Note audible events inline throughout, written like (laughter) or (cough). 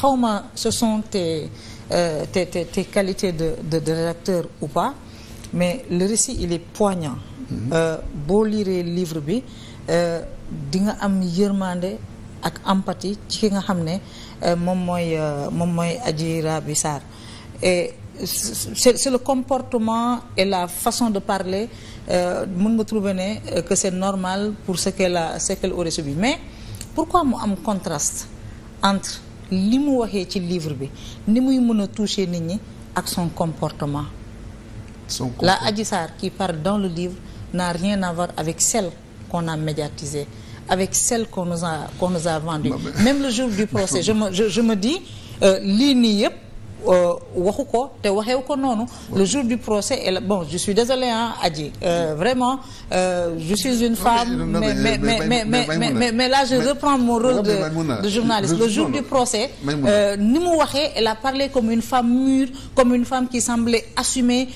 xawma euh, ce sont tes euh, tes tes, tes qualités de, de de rédacteur ou pas mais le récit il est poignant. Mhm. Euh, boo liiree livre bi di nga am yërmande ak empathie ci ki nga xam ne moom mooy moom mooy Adji Raby et c'est c'est le comportement et la façon de parler mën nga trouver ne que c'est normal pour ce qu'elle a ce qu'elle aurait subi mais pourquoi mu am contraste entre li mu waxee ci livre bi ni muy mën a toucher nit ñi ak son comportement son la Adji Sarr qui parle dans le livre n'a rien à voir avec celle qu'on a médiatisée avec celle qu'on nous a qu'on même le jour du procès (laughs) je me dis euh, lii nii yëpp Euh, waxu ko te waxew ko noonu le jour du procès et bon je suis désolé ah Adji euh, vraiment euh, je suis une femme mais mais mais mais mais mais là je reprends mon rôle de journaliste le jour du procès ni mu waxee elle a parlé comme une femme mûre comme une femme qui semblait assumer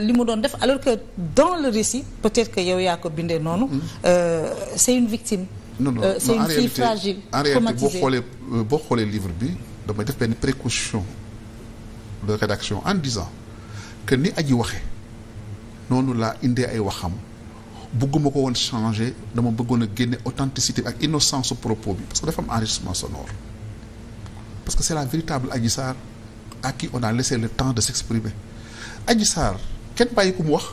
li mu doon def alors que dans le récit peut-être que yow yaa ko bindee noonu hmm. c'est une victime non non c'est une fille fragile en réalité boo xoolee boo xoolee livre bi damay def benn précaution de rédaction en disant que ni aji waxee noonu laa indee ay waxam bëgguma ko woon changer dama bëggoon a génne authenticité ak innocence su propos bi parce que dafa am enregistrement sonore parce que c'est la véritable Adji Sarr à qui on a laissé le temps de s'exprimer Adji Sarr kenn bàyyi ko mu wax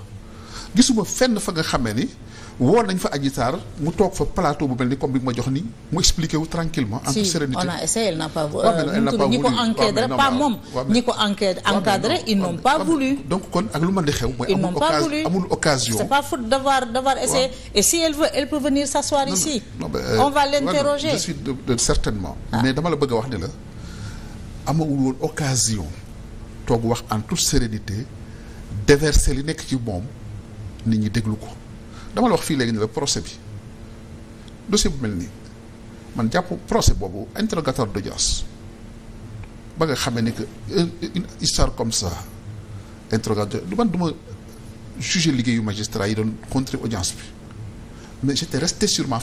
gisuma fenn fa nga xamee ni woo nañ fa Adji Sarr mu toog fa plateau bu mel ni comme bi ma jox ni mu expliqué wu tranquillement en toute sérénité si on elle n'a pas euh, voulu moom ko encadré ils n'ont pas voulu donc kon ak lu mën di xew mooy amul occasion amul occasion c'est pas faute d'avoir d'avoir essayé et si dama la bëgg wax ne la amawul woon toog wax en tout sérénité déverser li nekk ci moom nit ñi déglu ko dama la wax fii léegi ne la procès bi dossier bu mel ni man jàpp procès boobu interrogatoire d'audience ba nga xamee ni que euh, une histoire comme ça interrogatoire du man du ma juger liggéeyu magistrat yi doon contrer audience bi mais j'étais resté sur ma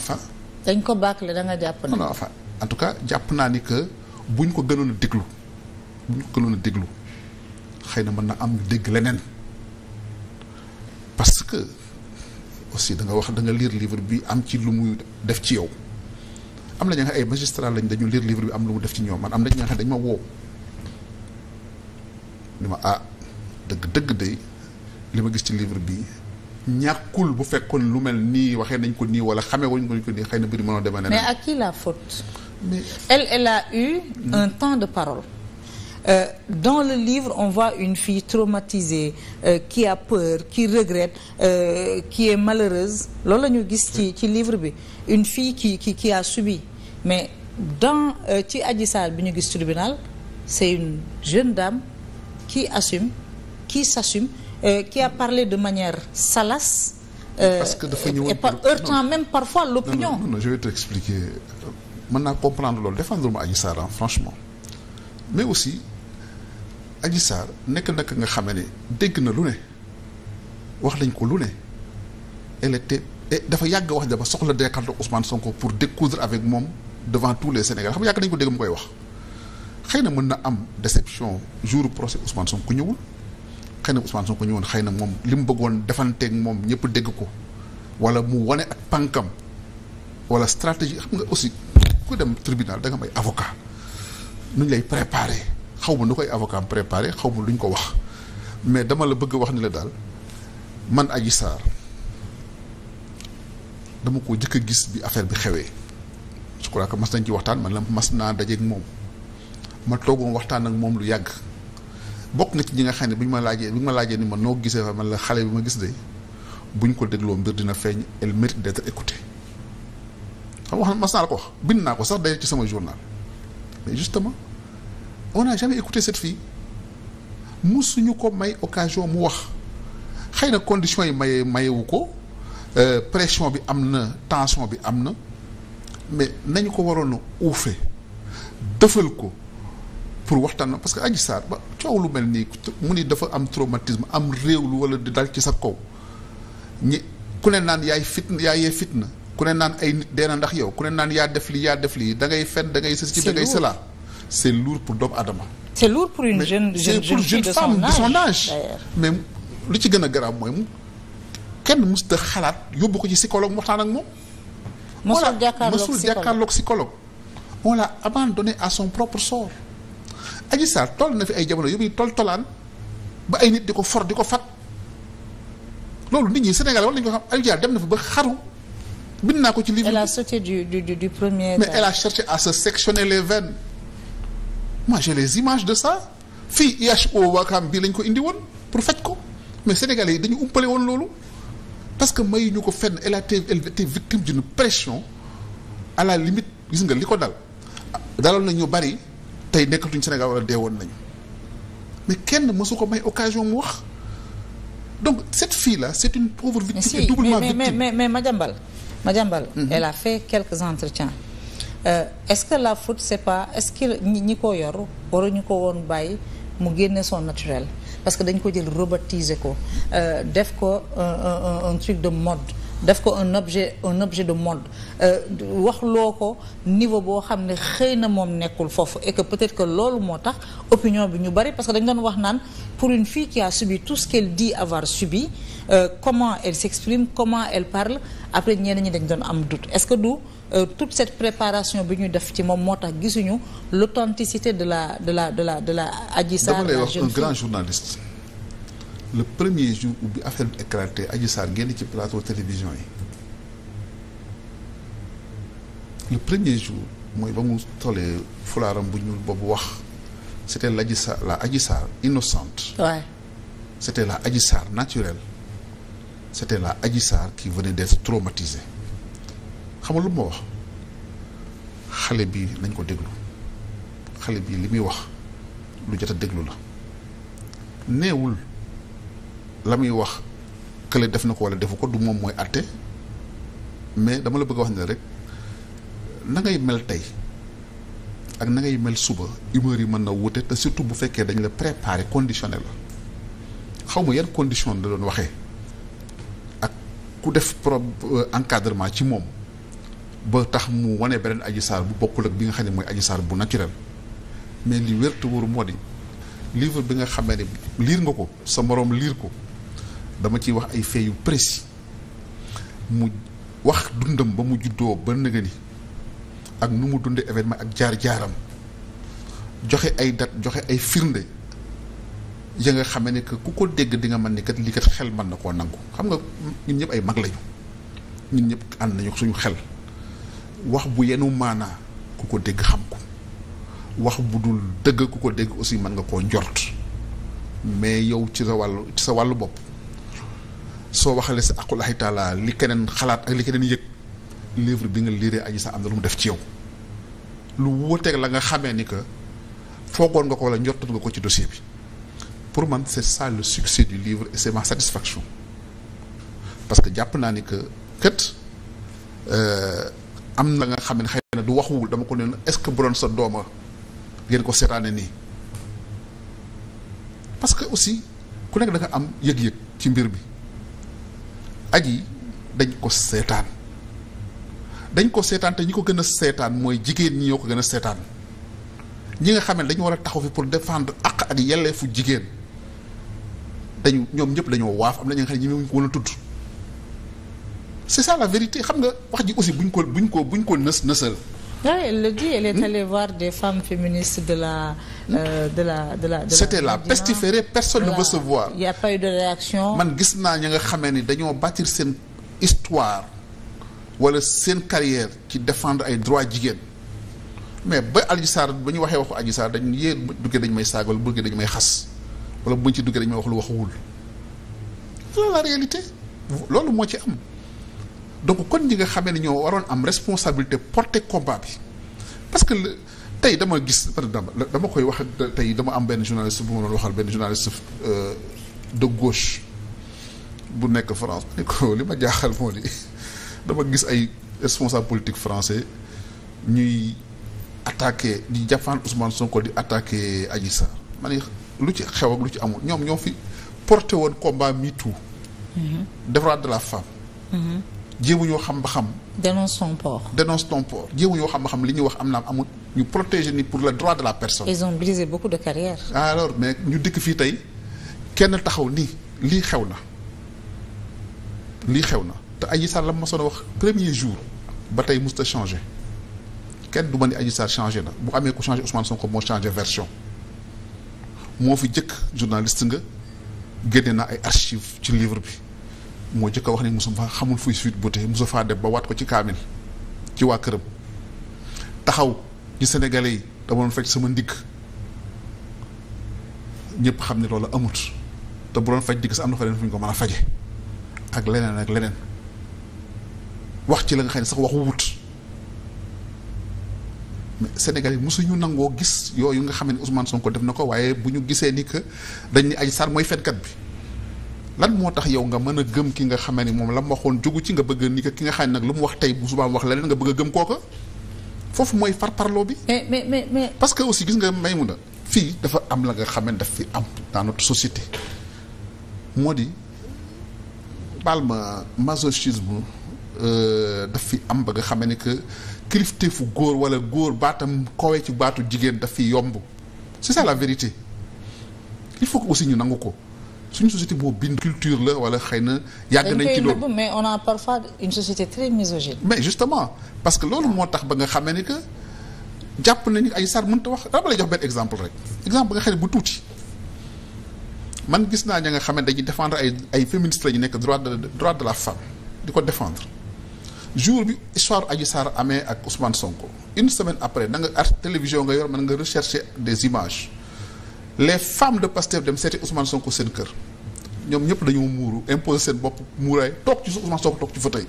dañ ko bâclé da nga jàpp na. non enfin en jàpp naa ni que buñ ko gënoon a déglu buñ ko gënoon a déglu xëy na mën na am dégg leneen parce que. aussi da nga wax da liir lire livre bi am ci lu muy def ci yow am na ña nga ay magistrat lañ dañu lire livre bi am lu mu def ci ñoom man am na ña nga xam dañ ma woo ni ma ah dëgg dëgg de li ma gis ci livre bi ñàkkul bu fekkoon lu mel nii waxee nañ ko nii wala xamee wuñ ko nii xëy na mbir mi mënoo demee. mais à qui la faute. mais elle elle hmm. temps de parole. Euh, dans le livre, on voit une fille traumatisée euh, qui a peur, qui regrette, euh, qui est malheureuse. loolu la ñu gis ci ci livre bi une fille qui qui qui a subi mais dans euh, ci Adji Sarr bi ñu gis tribunal c'est une jeune dame qui assume qui s'assume euh, qui a parlé de manière salace. Euh, parce que dafa ñëwoon et par heurtant même parfois l'opinion. Non, non, non, je vais t'expliquer mën naa comprendre loolu défendre ma Adji Sarr franchement mais aussi. Adji Sarr nekk nag nga xamee ne dégg na lu ne wax lañ ko lu ne elle était eh, dafa yàgg wax dafa soxla décanté Ousmane Sonko pour découdre avec moom devant tous les Sénégalais xam nga yàgg nañu ko dégg mu koy wax xëy na mën na am déception jour procès son ko ñëwul xëy na Ousmane Sonko ñëwoon xëy na moom li mu bëggoon defanteeg moom ñëpp dégg ko wala mu wane ak pànkam wala stratégie xam nga aussi ko dem tribunal danga nga am ay avocat nu lay préparer xaw ma nu koy avocat préparé xaw ma lu ñu ko wax mais dama la bëgg wax ni la daal man Adji Sarr dama ko jëkk a gis bi affaire bi xewee je crois que mas nañ ci waxtaan man la mas naa dajeeg moom ma toogoon waxtaan ak moom lu yàgg bokk nga ci ñi nga xam ne bi ma laajee bi ma laajee ni ma noo gisee fa man la xale bi ma gis de bu ñu ko dégloo mbir dina feeñ elle mérite d'être wax mas naa la ko wax bind naa ko sax day ci sama journal mais justement on n'a jamais écouté cette fille musuñu ko may occasion mu wax xëy na conditions yi maye mayewu ko euh, pression bi am na tension bi am na mais nañu ko waroon na uufe dëfal ko pour waxtaan na parce que Adji Sarr ba coow lu mel nii mu ni dafa am traumatisme am réew lu wala di dal ci sa kaw ñi ku ne naan yaay fitna yaa yee fitna ku ne naan ay nit dee na ndax yow ku ne naan yaa def lii yaa def lii da ngay fen da ngay ceci da ngay cela c'est lourd pour doomu adama c'est lourd pour une jeune jeune jeune fille de femme de son âge mais lu ci gën a garaaw mooy mu kenn mësut a xalaat yóbbu ko ci psychologue mu waxtaan ak moom. mësul jàkkaarloog psychologue on l'a abandonné à son propre sort. Adji Sarr toll na fi ay jamono yóbbu tol tolaan ba ay nit di ko for di ko fat loolu nit ñi Sénégal war nañu ko xam Adji Sarr dem na fa ba xaru. bind naa ko ci livre. elle a sauté du a cherché à se les veines. moi j'ai les de ça fii IHO Wakam bii lañ ko indi woon pour faj ko mais sénégalais yi dañu umpale woon loolu parce que may ñu ko fenn elle a été victime d'une pression à la limite gis nga li ko dal daloon nañ ñu bari tey nekkatuñ Sénégal wala dee woon nañu mais kenn mësu ko may occasion mu wax donc cette fille la c'est une pauvre victime doublement victime mais mais mais Madiambal Madiambal mhm. elle a fait quelques entretiens Euh, est-ce que la faute c'est pas est-ce que ñi ko yor ñu ko woon bàyyi mu génne son naturel parce que dañ ko jël robotiser ko euh, def ko un un de mode def ko un objet un objet de mode euh, wax loo ko niveau boo xam ne xëy na moom nekkul foofu et peut-être que loolu moo tax opinion bi ñu bari parce que dañ doon wax naan pour une fii qui a subi tout ce qu'elle dit avoir subi euh, comment elle s'exprime comment elle parle après ñeneen ñi dañ doon am doute est-ce que du Euh, toute cette préparation bi ñu def ci moom moo tax gisuñu l'authenticité de la de la de la de la Adji Sarr dama lay wax un grand journaliste le premier jour bi affaire bi éclaté Adji Sarr génn ci plateau télévision yi le premier jour mooy ba mu tolee fulaaram bu ñuul boobu wax c'était l'Adji Sarr la Adji Sarr innocente ouais. c'était la Adji Sarr naturelle c'était la Adji Sarr qui venait d'être traumatisée xam nga lu ma wax xale bi nañ ko déglu xale bi li muy wax lu jot a déglu la neewul la muy wax kële def na ko wala defu ko du moom mooy àtte mais dama la bëgg a wax ne rek na ngay mel tey ak na ngay mel suba humeur yi mën na wute te surtout bu fekkee dañ la préparer conditionné la xaw ma yan condition la doon waxee ak ku def pro euh, encadrement ci moom ba tax mu wane beneen Adji Sarr bu bokkul ak bi nga xam ne mooy Adji bu naturel mais li wér te wóor moo di livre bi nga xamee ne liir nga ko sa moroom liir ko dama ciy wax ay faits yu précis mu wax dundam ba mu juddoo ba nëga ni ak nu mu dundee événement ak jaar-jaaram joxe ay dat joxe ay firnde ya nga xamee ne que ku ko dégg di nga mën ni kat lii kat xel mën na koo nangu xam nga ñun ñëpp ay mag lañu ñun ñëpp ànd nañu suñu xel. wax bu yenu maanaa ku ko dégg xam ko wax bu dul dëgg ku ko dégg aussi mën nga koo njort mais yow ci sa wàllu ci sa wàllu bopp soo waxale sa aqulahi taala li keneen xalaat ak li keneen yëg livre bi nga liiree aji sa am na lu mu def ci yow lu wuuteeg la nga xamee ni que foogoon nga ko wala njortoon nga ko ci dossier bi pour man c'est ça le succès du livre et ma satisfaction parce que jàpp naa ni que kët euh, am na nga xam ne xëy na du waxuwul dama ko ne est-ce que bu sa dooma ngeen ko seetaane nii parce que aussi ku nekk da am yëg-yëg ci mbir bi yi dañ ko seetaan dañ ko seetaan te ñi ko gën a seetaan mooy jigéen ñi ñoo ko gën a seetaan ñi nga xam ne dañu war a taxaw fi pour défendre ak ak yelleefu jigéen dañu ñoom ñëpp dañoo waaf am na ñi nga xam ne ñi ko mën a tudd c'est ça la vérité xam nga wax ji aussi buñ ko buñ ko buñ ko nës nësal. oui elle le dit elle est hmm? allée voir la hmm? euh, la de la. de la c'était la pestiférée personne ne veut se voir. il a de réaction. man gis naa ñu nga xamee ni dañoo bâtir seen histoire wala seen carrière ci défendre ay droits jigéen mais ba Adji Sarr ba ñu waxee waxu Adji Sarr dañ yee duggee dañ may saag wala bëggee dañ may xas wala bu ci duggee dañu may wax lu waxuwul loolu la réalité loolu moo ci am. donc kon ñi nga xamee ne ñoo waroon am responsabilité porter combat bi parce que tey dama gis par exemple dama koy wax tey dama am benn journaliste bu ma doon waxal benn journaliste euh, de gauche bu nekk France ne ko li ma jaaxal moo di dama gis ay responsable politique français ñuy attaqué di jàppaan Ousmane Sonko di attaqué Adji Sarr man lu ci xew ak lu ci amul ñoom ñoo fi porté woon combat MeToo. Mm-hmm. droit de la femme. Mm-hmm. jéemuñoo xam ba xam. dénonce ton port. dénonce ton port jéemuñoo xam ba xam li ñuy wax am naa am ñu protéger ni pour le droit de la personne. ils se brisé beaucoup de carrières. alors mais ñu dikk fii tey kenn taxaw nii lii xew na lii xew na te Adji Sarr la ma wax premier jour ba tey musta changé kenn du ma ni Adji Sarr na bu amee ku changé Ousmane ko moo changé version moo fi jëkk journaliste nga génne na ay archives ci livre bi. moo jëkk a wax ni Moustapha xamul fuy Sweet Beauté faa dem ba waat ko ci kaamil ci waa këram taxaw ñi sénégalais yi dama doon faj sama ndigg ñëpp xam ne loolu amut te bu doon faj digg sa am na fa leen fu ko mën a faje ak leneen ak leneen wax ci la nga xam ne sax waxu wut mais Sénégal yi mosuñu nangoo gis yooyu nga xam ne Ousmane ko def na ko waaye bu ñu gisee ni que dañ ni Adji Sarr mooy fenkat bi lan moo tax yow nga mën a gëm ki nga xamee ni moom la mu waxoon jógu ci nga bëgg ni ko ki nga xam ne nag lu mu wax tey bu subaa wax leneen nga bëgg a gëm kooka foofu mooy far parloo bi. mais mais mais parce que aussi gis nga Maimouna fii dafa am la nga xam ne daf fi am dans notre moo di baal ma masochisme euh, daf fi am ba nga xam ne que kilifteefu góor wala góor baatam kowee ci baatu jigéen daf fi yomb ci ça la vérité il foog aussi ñu nangu ko. suñu société boo bind culture la wala xëy na yàgg nañ ci loolu mais on a parfois une société très misogyne mais justement parce que loolu moo tax ba nga xamee ni que jàpp nañu ay sar mënta wax dama lay jox benn exemple rek exemple ba nga xam bu tuuti man gis naa ña nga xam ne dañuy défendre ay ay féministes la ñu nekk droit de droit de la femme di ko défendre jour bi histoire Adji Sarr amee ak Ousmane Sonko une semaine après da nga art télévision nga yor mën nga rechercher des images les femmes de Pastef dem seeti Ousmane Sonko seen kër ñoom ñëpp dañoo muuru imposer seen bopp muuraay toog ci Ousmane Sonko toog ci fa tey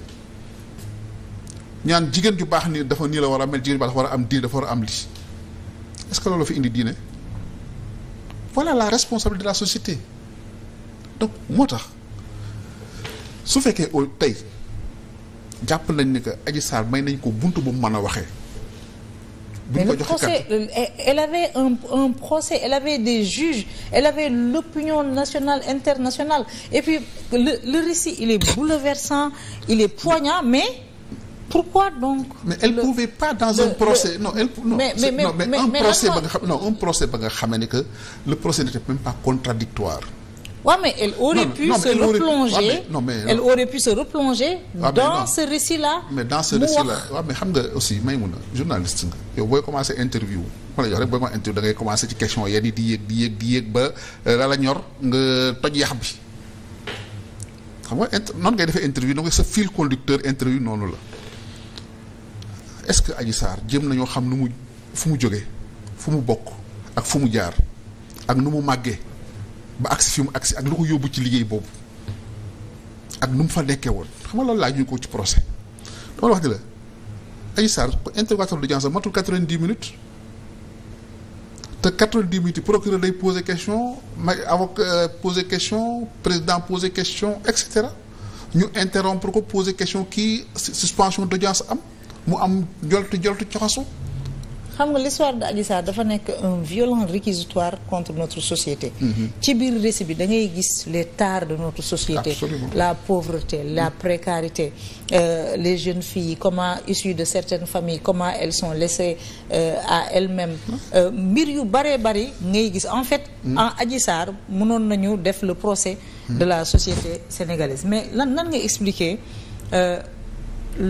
ñaan jigéen ju baax ni dafa nii la war a mel jigéen ju baax dafa war a am diine dafa war a am lii est que loolu fi indi diine voilà la responsabilité de la société donc moo tax su fekkee tey jàpp nañ ni que Adji may nañ ko bunt bu mu mën a waxee bu ñu ko joxe mais le procès euh, elle avait un un procès elle avait des juges elle avait l'opinion nationale internationale et puis le le récit il est bouleversant il est poignant mais pourquoi donc. mais elle le, pouvait pas dans le, un procès le, non elle non mais mais, non, mais, mais un mais, procès ba nga xam non un procès ba nga xamee ne que le procès n'était même pas contradictoire Oui, mais elle aurait non, pu non, se replonger. Aurait... Ouais, mais, non, mais, elle aurait pu se replonger ouais, dans ce récit-là. Mais dans ce récit-là, waaw mais xam nga aussi Maïmouna journaliste nga yow booy commencé interview ma la jox rek booy ma interview da ngay commencé ci question yenn yi di yéeg di yéeg di yéeg ba euh, la la ñor nga toj yax bi xam nga inter noonu ngay defee interview donc sa fil conducteur interview noonu la est-ce que Adji Sarr jëm nañoo xam nu mu fu mu jógee fu mu bokk ak fu mu jaar ak nu mu màggee. ba agsi fi mu agsi ak lu ko yóbbu ci liggéey boobu ak nu mu fa nekkee woon xam nga loolu laaj ñu ko ci procès dama la wax ni la Adji Sarr interrogatoire d'audience matul quatre dix minutes te quatre du dix minutes procureur day poser question ma avocat euh, poser question président poser question et cetera ñu interrompre ko poser question kii suspension d'audience am mu am joltu joltu coxasu xam nga l'histoire de Adji dafa nekk un violent réquisitoire contre notre société mhm. ci biir récit bi da ngay gis les tares de notre société Absolument. la pauvreté la mhm. précarité euh, les jeunes filles comment issues de certaines familles comment elles sont laissées euh, à elles-mêmes mhm. euh, mbir yu bëree bëri ngay gis en fait en Adji Sarr mënoon nañu def le procès de la société sénégalaise mais lan nan nga expliquer euh,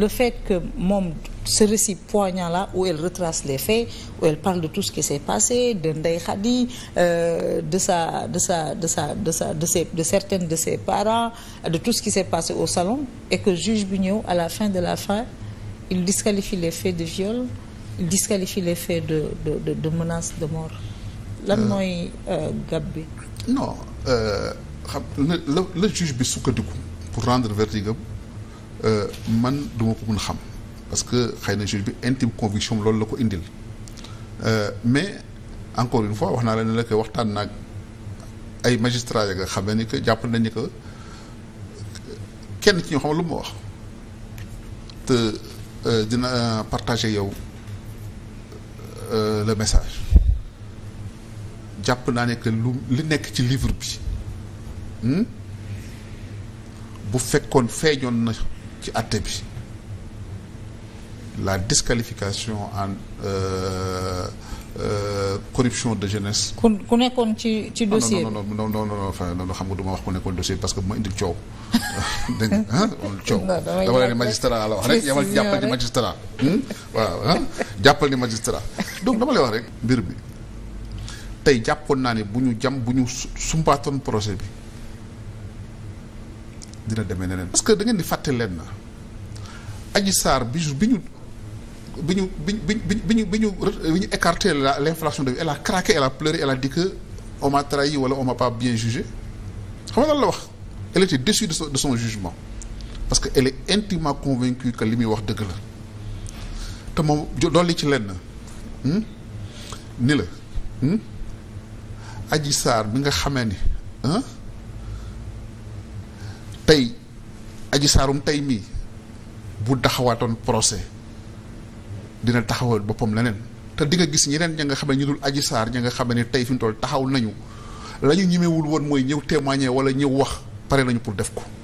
le fait que moom ce récit poignant la où elle retrace les faits, où elle parle de tout ce qui s'est passé, de Ndeye Khadi, euh, de, sa, de, sa, de, sa, de, sa, de, ses, de certaines de ses parents, de tout ce qui s'est passé au salon, et que juge Bugnot, à la fin de la fin, il disqualifie les faits de viol, il disqualifie les faits de, de, de, de de mort. Lan euh. mooy euh, gab bi. non la juge bi sukkandiku pour rendre verdict am man duma ko mën xam. parce que xëy na juge bi intime conviction loolu la ko indil euh, mais encore une fois wax naa la ne la que waxtaan nag ay magistrats ya nga xam ne ni que jàpp nañ ni kenn ci ñoo wax euh, dina partager yow euh, le message jàpp naa ne que lu li nekk ci livre bi hmm, bu fekkoon feeñoon na ci àtte bi la disqualification en euh, euh, corruption de jeunesse. ku ku nekkoon ci ci ah, dossier bi. non non non non non enfin non xam nga du ma wax ku nekkoon dossier parce que bu ma indil coow. (laughs) dégg nga ah coow. dama leen di magistrat la wax rek yamal jàppal ni magistrat. Hmm? waaw ah jàppal ni magistrat donc dama lay wax rek mbir bi tey jàppoon naa ne bu ñu jam bu ñu sumbaatoon projet bi dina demee neneen. parce que da ngeen di fàtte leen na Adji Sarr bi bi ñu. bi ñu bi ñu bi ñu bi ñu bi ñu écarté la l'inflation de elle a craqué elle a pleuré elle a dit que on m'a pas bien jugé xam nga lan la wax elle était déçue de son jugement parce que elle est intimement convaincue que li muy wax dëgg la te moom dolli ci lenn hmm? ni la hmm? Adji Sarr bi nga xamee ni tey aji Saarum tey mii bu daxawaatoon procès dina taxawal boppam leneen te di nga gis ñeneen ña nga xam ne ñu dul aji saar ña nga xam ne tey fi mu toll taxaw nañu la ñu ñemewul woon mooy ñëw témoigner wala ñëw wax pare nañu pour def ko.